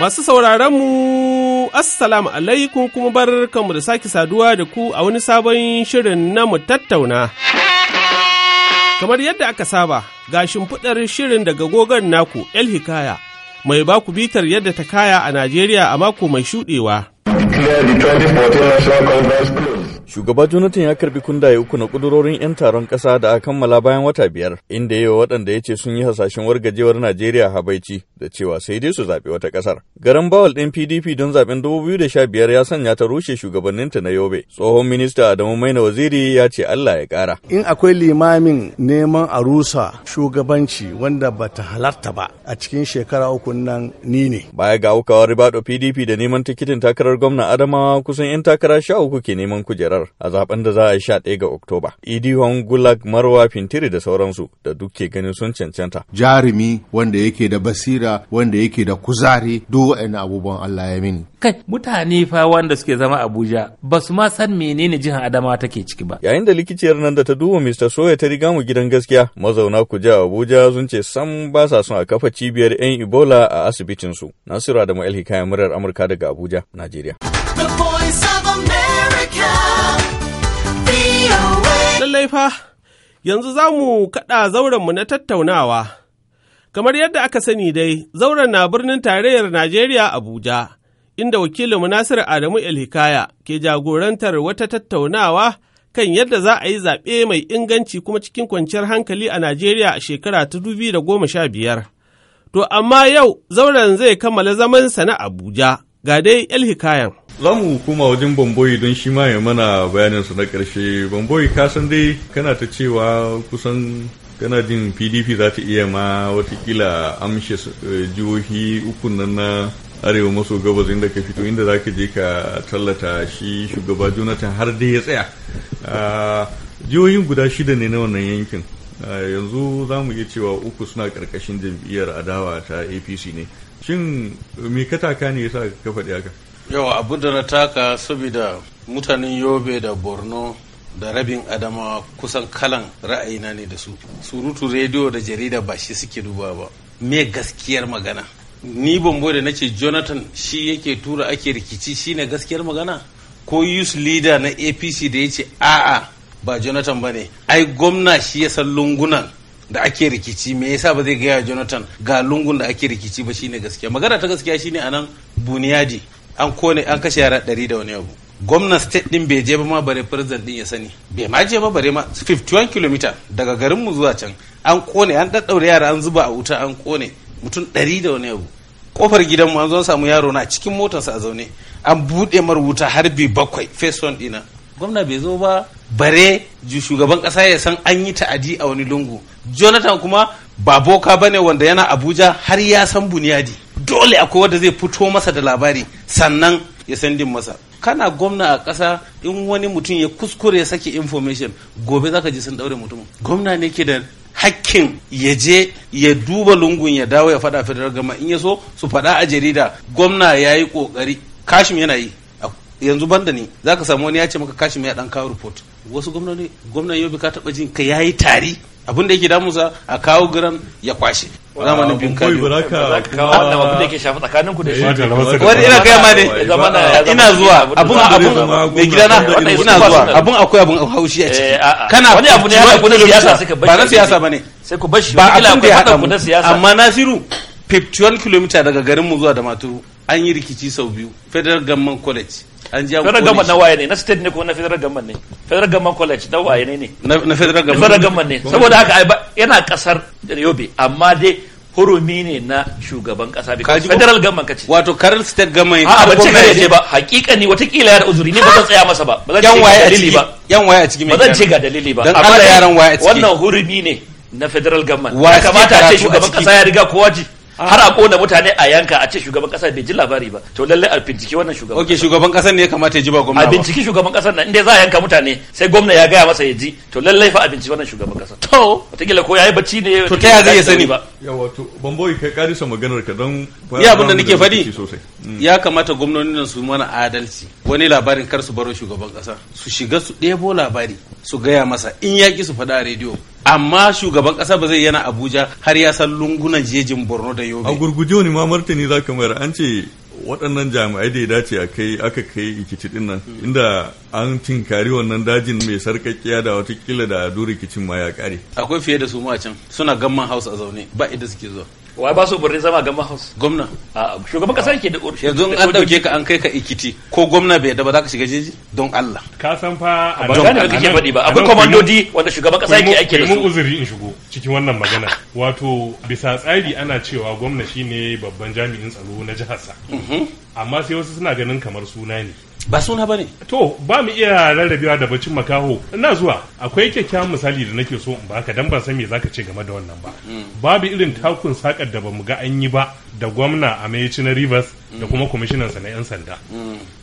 Masu sauraron mu Assalamu alaikum kuma bar kanmu da sake saduwa da ku a wani sabon shirin na mu tattauna. Kamar yadda aka saba, ga shimfiɗar shirin daga gogon naku El Hikaya, mai baku bitar yadda ta kaya a Najeriya a mako mai shuɗewa. Declare the 2014 National Congress Shugaba Jonathan ya karbi kundaye uku na kudurorin 'yan taron ƙasa da a kammala bayan wata biyar, inda yawa waɗanda ya ce sun yi hasashen wargajewar Najeriya habaici da cewa sai dai su zaɓi wata ƙasar. Garan bawal ɗin PDP don zaɓen dubu da sha biyar ya sanya ta rushe shugabanninta na Yobe. Tsohon minista Adamu Maina Waziri ya ce Allah ya ƙara. In akwai limamin neman a rusa shugabanci wanda ba ta halarta ba a cikin shekara uku nan ni ne. Baya ga aukawar ribaɗo PDP da neman tikitin takarar gwamna Adamawa kusan 'yan takara sha uku ke neman kujera. tarar a zaben da za a yi sha ɗaya ga Oktoba. Idi Gulag Marwa Fintiri da sauransu da duk ke ganin sun cancanta. Jarumi wanda yake da basira wanda yake da kuzari duk waɗannan abubuwan Allah ya mini. Kai mutane fa wanda suke zama Abuja ba su ma san menene jihar adama take ciki ba. Yayin da likiciyar nan da ta duba Mr. Soya ta riga mu gidan gaskiya mazauna kuja Abuja sun ce sam ba sa son a kafa cibiyar 'yan Ebola a asibitinsu. Nasiru Adamu El muryar murar Amurka daga Abuja, Najeriya. Lallai fa, yanzu za mu kaɗa zaurenmu na tattaunawa. Kamar yadda aka sani dai, zauren na birnin tarayyar Najeriya Abuja, inda wakilin Nasiru Adamu Elhikaya ke jagorantar wata tattaunawa kan yadda za a yi zaɓe mai inganci kuma cikin kwanciyar hankali a Najeriya a shekara ta da goma sha biyar. To amma yau zauren zai kammala zamansa na Abuja, ga dai Elhikayan. za mu hukuma wajen bamboyi don shi ma ya mana bayaninsu na ƙarshe bamboyi kasan dai kana ta cewa kusan kana jin pdp za ta iya ma watakila amshe eh, jihohi uku nan na arewa maso gabas inda ka fito inda za ka je ka tallata shi shugaba jonathan har dai ya tsaya ah, jihohin guda shida ne na wannan yankin ah, yanzu za mu iya cewa uku suna karkashin jam'iyyar adawa ta apc ne shin eh, me kataka ne ya sa ka faɗi haka Yau abu da na taka saboda mutanen Yobe da Borno da rabin adamawa kusan kalan ra'ayina ne da su. Surutu rediyo da jarida ba shi suke duba ba. Me gaskiyar magana? Ni bambo da nace Jonathan shi yake tura ake rikici shine gaskiyar magana? Ko youth leader na APC da ya ce a'a ba Jonathan ba ne. Ai gwamna shi ya san lungunan da ake rikici me yasa ba zai gaya Jonathan ga lungun da ake rikici ba shine gaskiya magana ta gaskiya shine anan buniyadi an kone an kashe yara ɗari da wani abu gwamnan state din bai je ba ma bare president din ya sani bai ma je ba bare ma 51 km daga garin mu zuwa can an kone an daddaure yara an zuba a wuta an kone mutum ɗari da wani abu kofar gidan mu an zo samu yaro na cikin motarsa a zaune an buɗe mar wuta har bi bakwai face one dina gwamna bai zo ba bare shugaban kasa ya san an yi ta'adi a wani lungu jonathan kuma ba boka bane wanda yana abuja har ya san buniyadi dole akwai wanda zai fito masa da labari sannan ya sandin masa kana gwamna a ƙasa in wani mutum ya kuskure ya sake information gobe zaka ji sun daure mutum gwamna ne ke da hakkin ya je ya duba lungun ya dawo ya faɗa federal gama in ya so su faɗa a jarida gwamna ya yi ƙoƙari kashim yana yi yanzu banda ne zaka samu wani ya ce maka kashim ya ɗan kawo report wasu gwamnati gwamnan yau ka taba jin ka yayi tari abinda yake damusa a kawo giran ya kwashe zamanin bin wani ina zuwa abun abun ina zuwa abun akwai abun haushi a ciki eh, kana wani abu ne na siyasa siyasa bane ba hada na siyasa amma nasiru 51 kilomita daga garin mu zuwa da maturu an yi rikici sau biyu federal government college an ja federal government na waye ne na state ne ko na federal government ne federal government college na waye ne ne na federal government federal government ne saboda haka yana kasar yobe amma dai hurumi ne na shugaban kasa bi federal government kace wato karar state government a ban ce kare ce ba hakikani watakila ya da uzuri ne ba zan tsaya masa ba ba zan ce ga dalili ba yan waye a cikin ba zan ce ga dalili ba amma yaran waye a cikin wannan hurumi ne na federal government ya kamata a ce shugaban kasa ya riga kowa har a kona mutane a yanka a ce shugaban kasa bai ji labari ba to lallai a binciki wannan shugaban ok shugaban kasa ne ya kamata ya ji ba gwamna a binciki shugaban kasa nan inda za a yanka mutane sai gwamna ya gaya masa ya ji to lallai fa a binciki wannan shugaban kasa to wataƙila ko yayi bacci ne to ta ya zai sani ba yawa to bamboyi kai karisa maganar ka don ya abin da nake faɗi mm. ya kamata gwamnonin su mana adalci wani labarin kar su baro shugaban kasa su shiga su ɗebo labari su gaya masa in yaƙi su faɗa a rediyo amma shugaban kasa ba zai yana abuja har ya san lungunan jejin borno da yobe a gurguje wani ma martani za ka mayar an ce waɗannan jami'ai da ya dace a kai aka kai ikici din nan hmm. inda an tinkari wannan dajin mai sarkakkiya da watakila da rikicin ma ya kare akwai fiye da su ma can suna gamman hausa a zaune ba inda suke zuwa wai ba su burin zama gama house gwamna a shugaban kasa yake da yanzu an dauke ka an kai ka ikiti ko gwamna bai daba ba za ka shiga jeji don Allah ka san fa a ba da kake faɗi ba akwai komandodi wanda shugaban kasa yake aiki da su mun uzuri in shigo cikin wannan magana wato bisa tsari ana cewa gwamna shine babban jami'in tsaro na jihar sa mhm. amma sai wasu suna ganin kamar suna ne ba suna ba ne to ba mu iya rarrabewa da bacin makaho ina zuwa akwai kyakkyawan misali da nake so in baka dan ban san me zaka ce game da wannan ba hmm. babu irin takun sakar da bamu ga an yi ba da gwamna a maici na rivers da kuma kwamishinan sa na 'yan sanda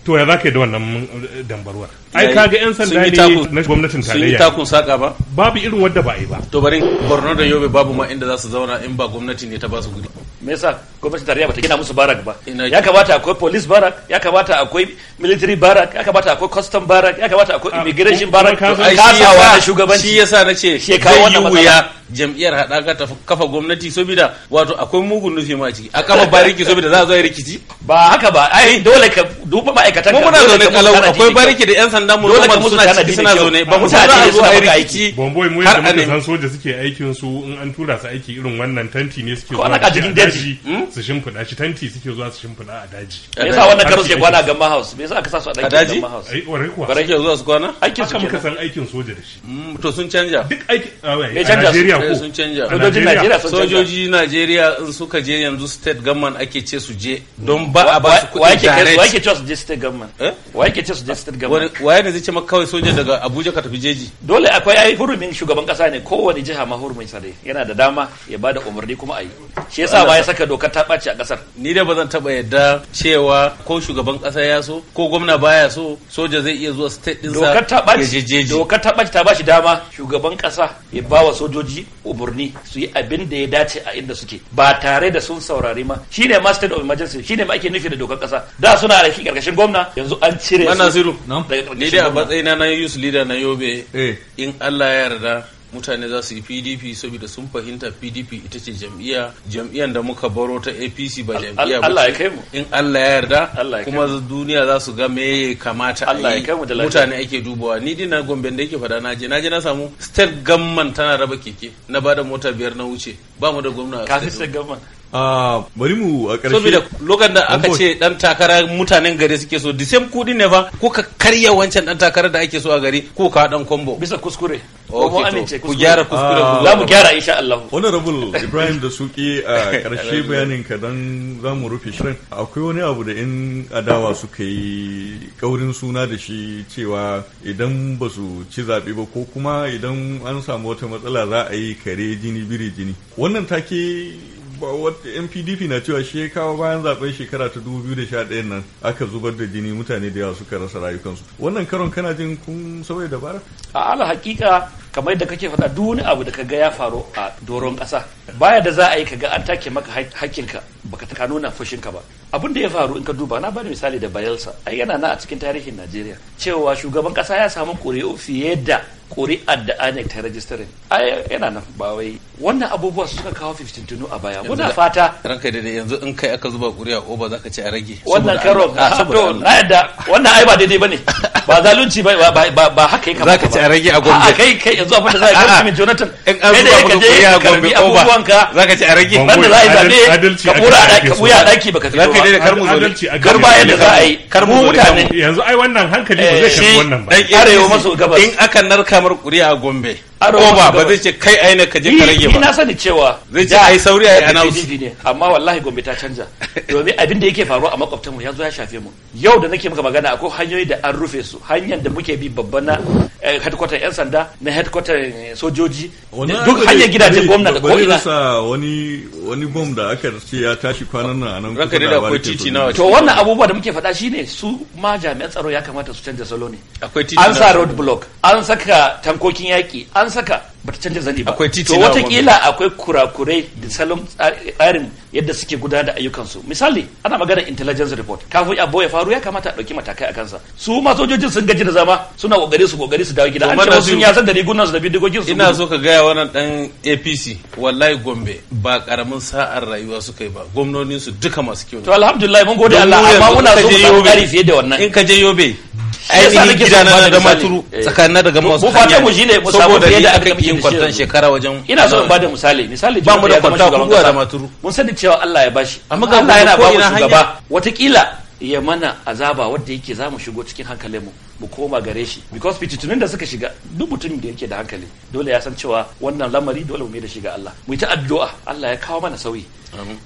to ya za ka yi da wannan eh, dambarwar ai kaga 'yan sanda ne na gwamnatin tarayya sun yi takun saka ba babu irin wadda ba yi ba to bari borno da yobe babu ma inda za su zauna in ba gwamnati ne ta ba su guri me yasa gwamnatin tarayya ba ta gina musu barak ba ya kamata akwai police barak ya kamata akwai military barak ya kamata akwai custom barak ya kamata akwai ah, immigration barak kasawa da shugabanci shi yasa nace shi ya kawo wannan jam'iyyar haɗaka ta kafa gwamnati saboda wato akwai mugun nufi ma ciki a kafa bariki saboda za a zo rikici ba haka ba ai dole ka duba ma'aikatan mu muna zaune kalau akwai bariki da yan sanda mu dole mu suna ciki suna zaune ba mu san za a zo a rikici bomboy mu yadda muka san soja suke aikin su in an tura su aiki irin wannan tanti ne suke zuwa a daji hmm? su shimfiɗa shi tanti suke zuwa su shimfiɗa a daji me yasa wannan karo suke kwana a gamma house me yasa aka sa su a daji gamma house ai ware kuwa bare zuwa su kwana aikin su muka san aikin soja da shi hmm, to sun canja duk aiki a Najeriya sun canja sun canja sojoji Najeriya in suka je yanzu state government ake ce su je don ba a ba su kuɗi direct wa yake ce su je state government eh? wa yake ce su je state government wa ne zai ce maka kawai soja daga Abuja ka tafi jeji dole akwai ai hurumin shugaban kasa ne kowane jiha ma hurumin sa dai yana da dama ya ba da umarni kuma ayi shi yasa ba ya saka dokar ta ɓaci a kasar ni da ba zan taɓa yadda cewa ko shugaban kasa ya so ko gwamna baya so soja zai iya zuwa state din sa ya je jeji dokar ta ɓaci ta ba shi dama shugaban kasa ya bawa sojoji musu umarni su yi abin da ya dace a inda suke ba tare da sun saurari ma shine ma state of emergency shine ma ake nufi da dokar kasa da suna da karkashin gwamna yanzu an cire su daga karkashin gwamna ni dai a matsayina na youth leader na yobe eh. in Allah ya yarda mutane za su yi pdp saboda sun fahimta pdp ita ce jam'iyya jam'iyyar da muka baro ta apc ba jam'iyya ba Allah ya kai mu in Allah ya yarda kuma duniya za su ga me kamata Allah ya kai mu da mutane ake dubawa ni dina gombe da yake fada naje naje na samu state gamman tana raba keke na bada mota biyar na wuce ba mu da gwamna a state government a ah, bari mu a ƙarshe saboda lokacin da aka ce dan takara mutanen gari suke so the same kudi ne ba ko ka karya wancan dan takara da ake so a gari ko ka dan combo bisa kuskure ko amince ku gyara kuskure ah, za mu gyara insha Allah honorable Ibrahim da suki a karshe bayanin ka dan za mu rufe shirin akwai wani abu da in adawa suka yi kaurin suna da shi cewa idan ba su ci zaɓe ba ko kuma idan an samu wata matsala za a yi kare jini biri jini wannan take ba wata NPDP na cewa shi kawo bayan zaben shekara ta 2011 nan aka zubar da jini mutane da yawa suka rasa rayukansu wannan karon kana jin kun sauya dabara a ala hakika kamar da kake faɗa duk wani abu da kaga ya faru a doron ƙasa baya da za a yi ka ga an take maka hakkinka baka ta nuna fushinka ba abin da ya faru in ka duba na bani misali da bayelsa ai yana nan a cikin tarihin najeriya cewa shugaban ƙasa ya samu ƙuri'u fiye da ƙuri'ar da INEC ta rajistarin ai yana nan ba wai wannan abubuwa suka kawo tunu a baya muna fata ranka da yanzu in kai aka zuba ƙuri'a ko ba za ka ce a rage wannan karo ah, to na yadda wannan ai ba daidai bane ba zalunci ba ba haka yake kamata za ka ce a rage a gombe kai kai yanzu a fata za ka yi min Jonathan in an zuba ƙuri'a a gombe ko ba za ka ce a rage wanda za a yi zabe ka kura a daki ka a daki baka fito ba kar mu adalci kar ba yadda za a yi kar mu mutane yanzu ai wannan hankali ba zai karbi eh, wannan ba arewa maso gabas in aka narka mur kuri'a gombe koba ba zai ce kai aina ka je ka rage ba ina sani cewa zai ce ai sauri ai announce amma wallahi gombe ta canja domin abin da yake faruwa a makwabtanmu ya yanzu ya shafe mu yau da nake maka magana akwai hanyoyi da an rufe su hanyar da muke bi babban na eh, headquarter yan sanda na headquarter eh, sojoji duk hanyar gidajen gwamnati ko ina wani wani bomb da aka ce ya tashi kwanan nan anan ranka da akwai titi na to wannan abubuwa da muke faɗa shine su ma jami'an tsaro ya kamata su canja salo ne akwai titi an sa road block an saka tankokin yaki an saka bata canja zani ba akwai titi to akwai kurakurai da salon tsarin yadda suke gudanar da ayyukansu misali ana magana intelligence report kafin abu ya faru ya kamata a dauki matakai a kansa su ma sojojin sun gaji da zama suna kokari su kokari su dawo gida an ce sun ya san da rigunan su da bidigogin su ina so ka ga wannan dan APC wallahi Gombe ba karamin sa'ar rayuwa suka yi ba gwamnonin su duka masu kyau to alhamdulillah mun gode Allah amma muna so mu fiye da wannan in ka je Yobe ainihin gida eh. na da maturu tsakanin daga masu hanya mu shine mu samu da aka yin kwantan shekara wajen ina so in bada misali misali ba mu da kwanta kuwa da maturu mun sani cewa Allah ya bashi amma Allah yana ba mu shugaba watakila ya mana azaba wadda yake za mu shigo cikin hankalinmu mu koma gare shi because fitintunin da suka shiga duk mutumin da yake da hankali dole ya san cewa wannan lamari dole mu da shiga Allah mu yi ta addu'a Allah ya kawo mana sauyi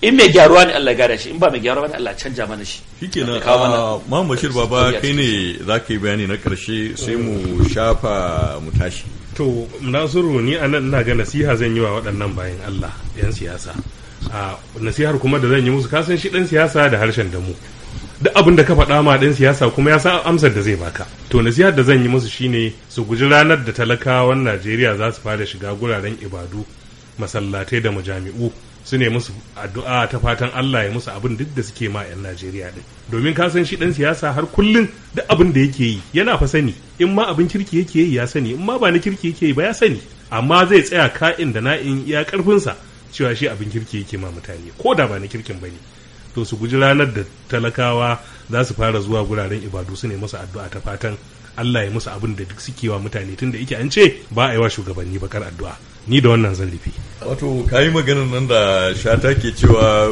in mai gyaruwa ne Allah ya gada shi in ba mai gyaruwa ne Allah ya canja mana shi shikenan Muhammad Bashir baba kai ne zaka yi bayani na karshe sai mu shafa mu tashi to nasiru ni anan ina ga nasiha zan yi wa waɗannan bayan Allah yan siyasa a nasihar kuma da zan yi musu kasan shi dan siyasa da harshen damu duk abin da ka faɗa ma ɗin siyasa kuma ya sa amsar da zai baka to nasihar da zan yi musu shine su guji ranar da talakawan najeriya za su fara shiga guraren ibadu masallatai da majami'u su ne musu addu'a ta fatan allah ya musu abin duk da suke ma 'yan najeriya ɗin domin ka san shi ɗan siyasa har kullum duk abin da yake yi yana fa sani in ma abin kirki yake yi ya sani in ma ba na kirki yake yi ba ya sani amma zai tsaya ka'in da na'in iya karfinsa cewa shi abin kirki yake ma mutane ko da ba na kirkin ba ne to su guji ranar da talakawa za su fara zuwa guraren ibadu su ne masa addu'a ta fatan Allah ya musu abin da duk suke wa mutane tun da yake an ce ba a yi wa shugabanni bakar addu'a ni da wannan zan rufe wato yi maganin nan da shata ke cewa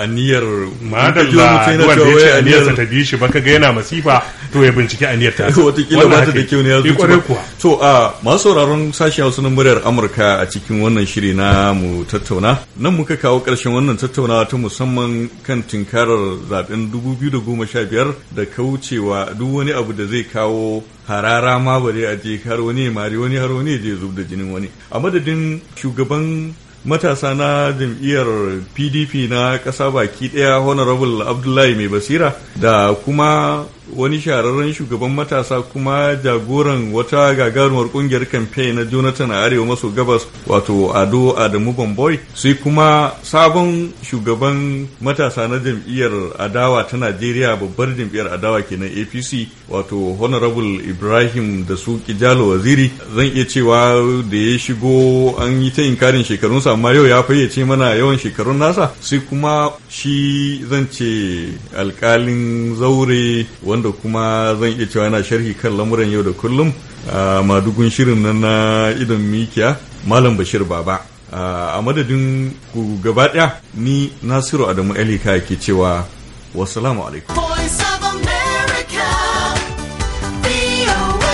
aniyar madalla wanda ya ce aniyarsa ta bi shi baka kaga yana masifa to ya binciki aniyar ta watakila ba ta da kyau ne ya zuci to a masu sauraron sashen hausa na muryar amurka a cikin wannan shiri na mu tattauna nan muka kawo ƙarshen wannan tattaunawa ta musamman kan tinkarar zaben 2015 da kaucewa duk wani abu da zai kawo harara ma dai a ce har wani mari wani har wani je zub da jinin wani a madadin shugaban matasa na jam'iyyar pdp na ƙasa baki ɗaya honorable abdullahi mai basira da kuma wani shahararren shugaban matasa kuma jagoran wata gagarumar kungiyar kamfe na jonathan a arewa maso gabas wato ado adamu bamboy sai kuma sabon shugaban matasa na jam'iyyar adawa ta najeriya babbar jam'iyyar adawa kenan apc wato honorable ibrahim da su kijalo waziri zan iya cewa da ya shigo an yi ta inkarin shekarunsa amma yau ya fayyace mana yawan shekarun nasa sai kuma shi zan ce alkalin zaure wanda wanda kuma zan iya cewa yana sharhi kan lamuran yau da kullum a madugun shirin nan na idon mikiya malam bashir baba a madadin ku gaba ɗaya ni nasiru adamu Elika ke cewa wasalamu alaikum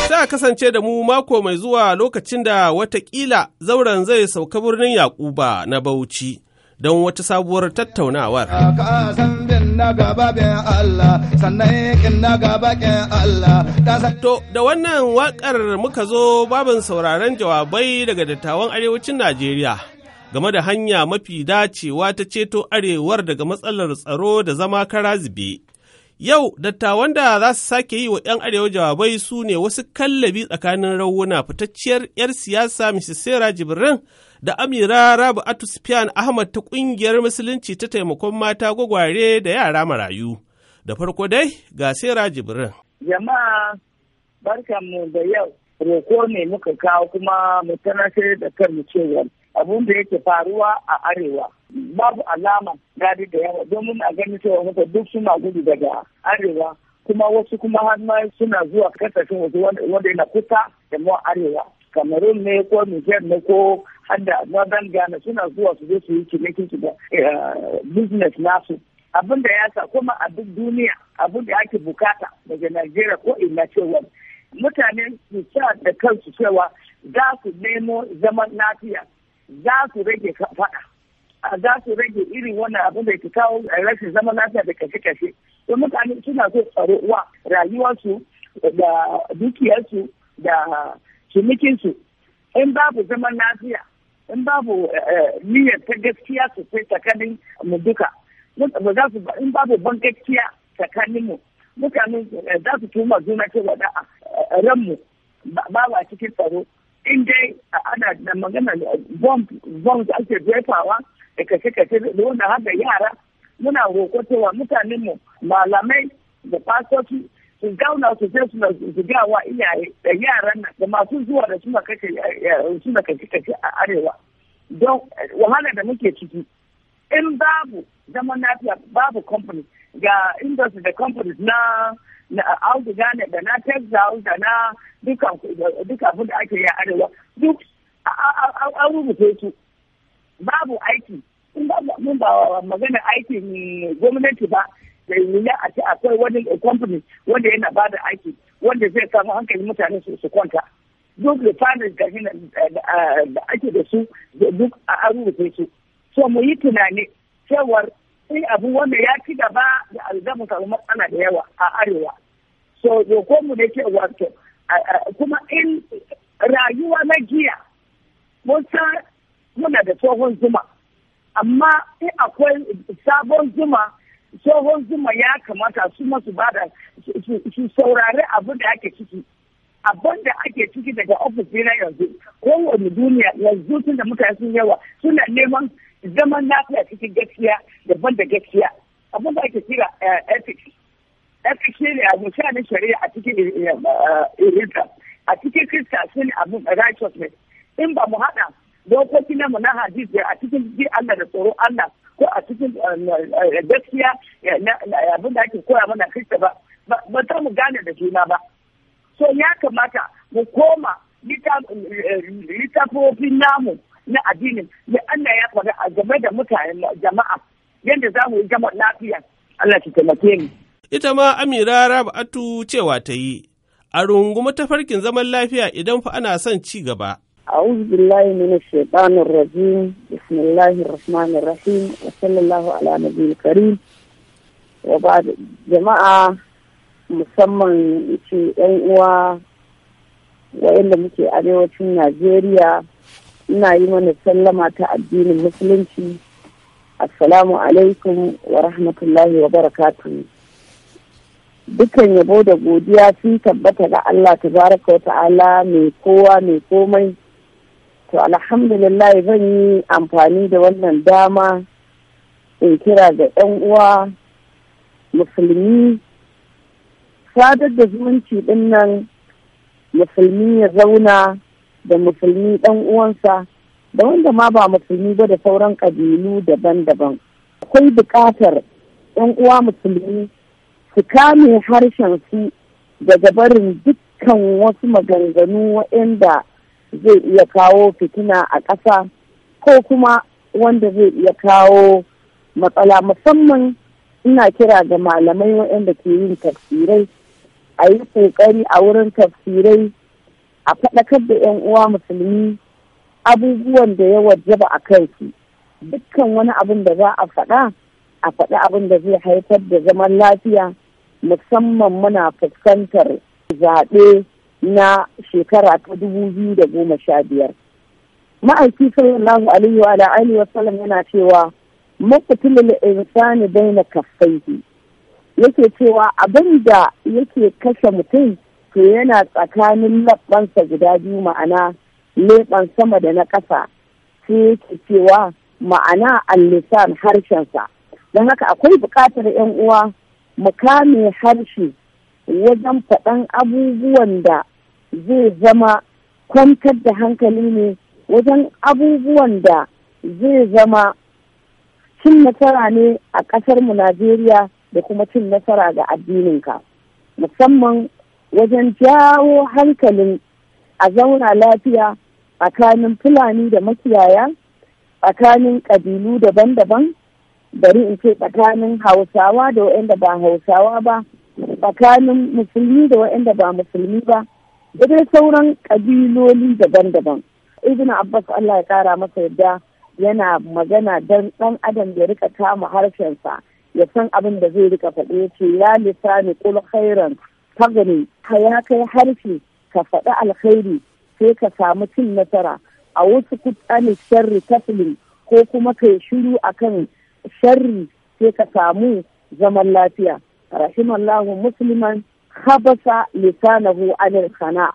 za a kasance da mu mako mai zuwa lokacin da watakila zauren zai sauka birnin yakuba na bauchi don wata sabuwar tattaunawar. kinna gaba bin Allah sannan gaba Allah to da wannan wakar muka zo babin sauraron jawabai daga dattawan arewacin Najeriya game da hanya mafi dacewa ta ceto arewar daga matsalar tsaro da zama kara zube. Yau, dattawan da za su sake yi wa ‘yan arewa jawabai su ne wasu kallabi tsakanin rawuna fitacciyar ‘yar siyasa Mrs. Sarah Jibrin da Amira Rabu Atusfian Ahmad ta ƙungiyar Musulunci ta taimakon mata gwagware da yara marayu. Da farko dai, ga Sera Jibrin. Jama'a, barkanmu da yau, roko ne muka kawo kuma mu da kan mu cewa abun da yake faruwa a arewa babu alama gadi da yawa domin a ganin cewa maka duk suna gudu daga arewa kuma wasu kuma har suna zuwa kasashen wasu wanda yana kusa da mu arewa cameroon ne ko niger ne ko har da northern ghana suna zuwa su suyi su yi cinikin su da eh, business nasu abin da ya sa kuma a duk duniya abin da ake bukata daga nigeria ko ina cewa mutane su sa da kansu cewa za su nemo zaman lafiya za su rage faɗa za su rage irin wannan abin da ke kawo rashin zaman lafiya da kashe-kashe don mutane suna so tsaro wa rayuwarsu da dukiyarsu da cinikinsu in babu zaman lafiya in babu eh, eh, niyyar ta gaskiya sosai tsakanin mu duka in babu ban gaskiya tsakanin mu mutane eh, za su tuma juna cewa da ranmu ba ba cikin tsaro in dai ana da magana bomb da ake jefawa da kashe-kashe da wanda haka yara muna roƙo cewa mutanen mu malamai da fasoci su gauna su je suna zugawa iyaye da yaran da masu zuwa da suna kake suna a arewa don wahala da muke ciki in babu zaman lafiya babu company ga industry da companies na na auduga ne da na texas da na duka abin da ake yi a arewa duk an rubuta su babu aiki in ba mun ba magana aikin gwamnati ba da yiwuwa a ce akwai wani company wanda yana ba da aiki wanda zai kama hankali mutane su kwanta duk eh, da fanin eh, da ake da su duk a rubuta su so mu yi tunani cewar sai abu wanda ya ci gaba da alzamu samu matsala da yawa a arewa so yoko mu ne ke wato kuma in rayuwa na giya mun muna da tsohon zuma amma in akwai sabon zuma tsohon zuma ya kamata su masu bada su saurari abu da ake ciki abin da ake ciki daga ofis na yanzu kowane duniya yanzu tun da mutane sun yawa suna neman zaman lafiya cikin gaskiya daban da gaskiya abin da ake kira eh, ethics ethics ne a misalin shari'a a cikin eh, eh, irinta a cikin kirista shi ne abin righteousness in ba mu haɗa dokoki na mu na hadis a cikin ji Allah da tsoro Allah ko a cikin gaskiya abin da ake koya mana kirista ba ba ta mu gane da juna ba so ya kamata mu koma littafofin namu na addinin mai Allah ya faɗa a game da mutane jama'a yadda za mu yi jama'a lafiya Allah ta taimake ni. Ita ma Amira Rabatu cewa ta yi, a rungumi farkin zaman lafiya idan fa ana son ci gaba. أعوذ بالله من الشيطان الرجيم بسم الله الرحمن الرحيم وصلى الله على نبي الكريم وبعد جماعة musamman ce 'yan uwa wa'inda muke arewacin Najeriya ina yi mana sallama ta addinin musulunci assalamu alaikum wa rahmatullahi wa barakatu dukan yabo da godiya sun tabbata ga Allah ta wa ta'ala mai kowa mai komai to alhamdulillah zan yi amfani da wannan dama in kira ga 'yan uwa musulmi sadar da zumunci ɗinnan musulmi ya zauna da musulmi dan uwansa da wanda ma ba musulmi ba da sauran ƙabilu daban-daban akwai bukatar 'yan uwa musulmi su kame harshen su daga barin dukkan wasu maganganu waɗanda zai iya kawo fitina a ƙasa ko kuma wanda zai iya kawo matsala musamman ina kira ga malamai waɗanda ke yin tafsirai a yi ƙoƙari a wurin tafsirai a faɗakar da 'yan uwa musulmi abubuwan da ya wajaba a kansu dukkan wani abin da za a faɗa a faɗi abin da zai haifar da zaman lafiya musamman muna fuskantar zaɓe na shekara ta dubu biyu da goma sha biyar. Ma'aiki sallallahu alaihi wa alihi wa sallam yana cewa maqtulul insani baina kaffaihi yake cewa abin da yake kashe mutum yana tsakanin labbansa guda biyu ma'ana leɓen sama da na ƙasa sai yake cewa ma'ana allisan harshensa don haka akwai buƙatar 'yan uwa mu kame harshe wajen faɗan abubuwan da zai zama kwantar da hankali ne wajen abubuwan da zai zama cin nasara ne a ƙasarmu Najeriya da kuma cin nasara ga addininka musamman wajen jawo hankalin a zauna lafiya tsakanin fulani da makiyaya tsakanin ƙabilu daban-daban bari in ce tsakanin hausawa da waɗanda ba hausawa ba tsakanin musulmi da waɗanda ba musulmi ba da dai sauran ƙabiloli daban-daban ibn abbas allah ya kara masa yadda yana magana don ɗan adam ya rika kama harshensa ya san abin da zai rika faɗe ya ce ya lisani kul khairan ka gani ka ya kai harshe ka faɗi alkhairi sai ka samu cin nasara a wasu kutsanin sharri tafilin ko kuma yi shiru akan sharri sai ka samu zaman lafiya rahimallahu musliman habasa lisanahu anil khana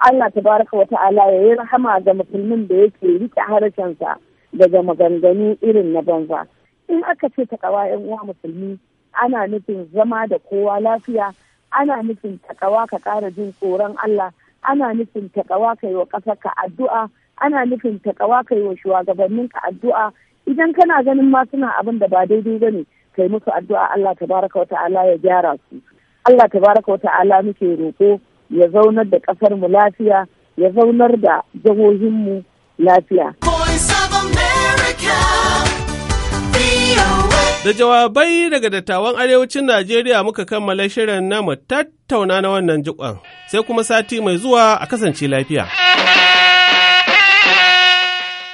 Allah tabaraka wa ta'ala ya yi rahama ga musulmin da yake riƙe harshensa daga maganganu irin na banza in aka ce ta ƙawa yan uwa musulmi ana nufin zama da kowa lafiya ana nufin takawa ka ƙara jin tsoron Allah ana nufin takawa ka yi wa ƙasarka addu'a ana nufin takawa ka yi wa shugabannin ka addu'a idan kana ganin ma suna abin da ba daidai ba ne kai yi musu addu'a Allah tabaraka wata'ala ya gyara su Allah tabaraka wata'ala muke roƙo ya zaunar da ƙasar mu lafiya ya zaunar da jihohin mu lafiya. Voice Da jawabai daga dattawan arewacin Najeriya muka kammala shirin namu tattauna na wannan jikon, sai kuma sati mai zuwa a kasance lafiya.